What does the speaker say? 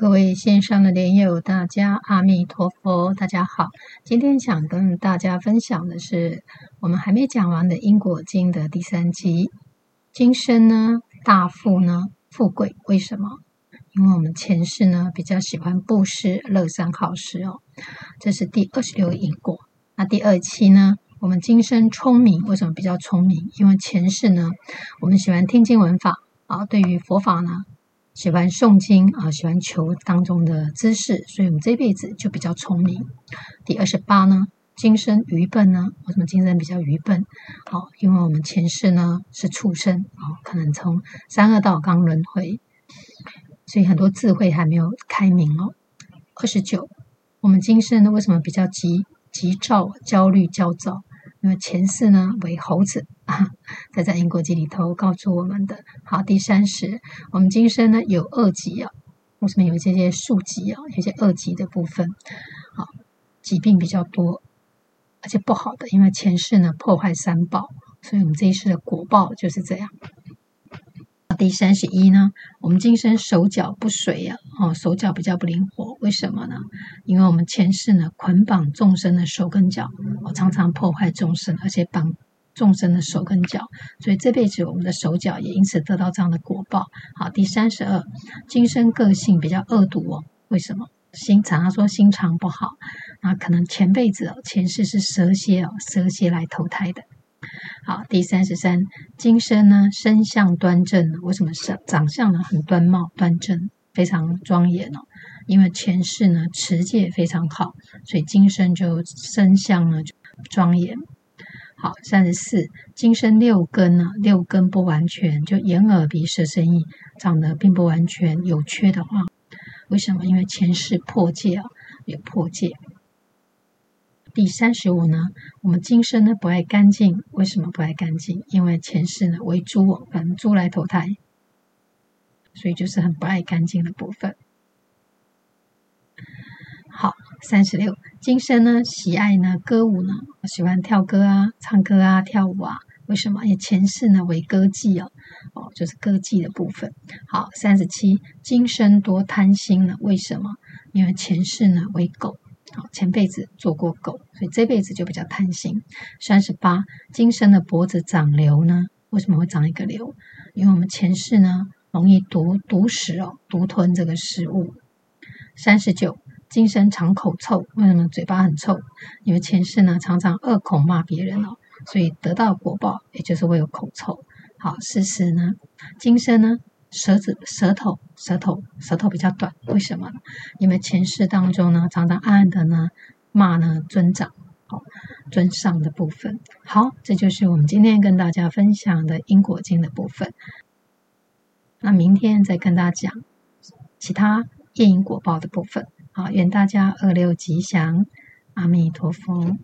各位線上的蓮友，大家阿彌陀佛，大家好。今天想跟大家分享的是我們還沒講完的因果經的第三集。今生呢，大富呢，富貴為什麼？因為我們前世呢，比較喜歡布施、樂善好施哦。這是第二十六個因果。那第二期呢，我們今生聰明為什麼比較聰明？因為前世呢，我們喜歡聽經聞法啊、哦，對於佛法呢。喜歡誦經啊、呃，喜歡求當中的知識，所以我們這輩子就比較聰明。第二十八呢，今生愚笨呢，為什麼今生比較愚笨？好、哦，因為我們前世呢是畜生，哦，可能從三惡道剛輪迴，所以很多智慧還沒有開明哦。二十九，我們今生呢為什麼比較急急躁、焦慮、焦躁？因為前世呢為猴子。啊、在在因果經裡頭告訴我們的，好，第三十，我們今生呢有惡疾啊，為什麼有這些宿疾啊？有些惡疾的部分，啊疾病比較多，而且不好的，因為前世呢破壞三寶，所以我們這一世的果報就是這樣。啊、第三十一呢，我們今生手腳不隨呀，哦，手腳比較不靈活，為什麼呢？因為我們前世呢捆綁眾生的手跟腳，常常破壞眾生，而且綁。眾生的手跟腳，所以這輩子我們的手腳也因此得到這樣的果報。好，第三十二，今生個性比較惡毒哦，為什麼？心常常說心腸不好，那可能前輩子哦，前世是蛇蠍哦，蛇蠍來投胎的。好，第三十三，今生呢身相端正，為什麼？長長相呢很端貌端正，非常莊嚴哦，因為前世呢持戒非常好，所以今生就身相呢就莊嚴。好，三十四，今生六根呢，六根不完全，就眼耳鼻舌身意長得並不完全有缺的話，為什麼？因為前世破戒啊，有破戒。第三十五呢，我們今生呢不愛乾淨，為什麼不愛乾淨？因為前世呢為豬，反正豬來投胎，所以就是很不愛乾淨的部分。三十六，36, 今生呢喜愛呢歌舞呢，喜歡跳歌啊、唱歌啊、跳舞啊。為什麼？因為前世呢為歌伎哦，哦，就是歌伎的部分。好，三十七，今生多貪心呢？為什麼？因為前世呢為狗，好，前輩子做過狗，所以這輩子就比較貪心。三十八，今生的脖子長瘤呢？為什麼會長一個瘤？因為我們前世呢容易獨、獨食哦，獨吞這個食物。三十九。今生常口臭，為什麼嘴巴很臭？因為前世呢，常常惡口罵別人哦，所以得到果報，也就是會有口臭。好，四十呢，今生呢，舌子、舌頭、舌頭、舌頭比較短，為什麼？因為前世當中呢，常常暗暗的呢罵呢尊長、哦尊上的部分。好，這就是我們今天跟大家分享的因果經的部分。那明天再跟大家講其他業因果報的部分。願大家二六吉祥，阿彌陀佛。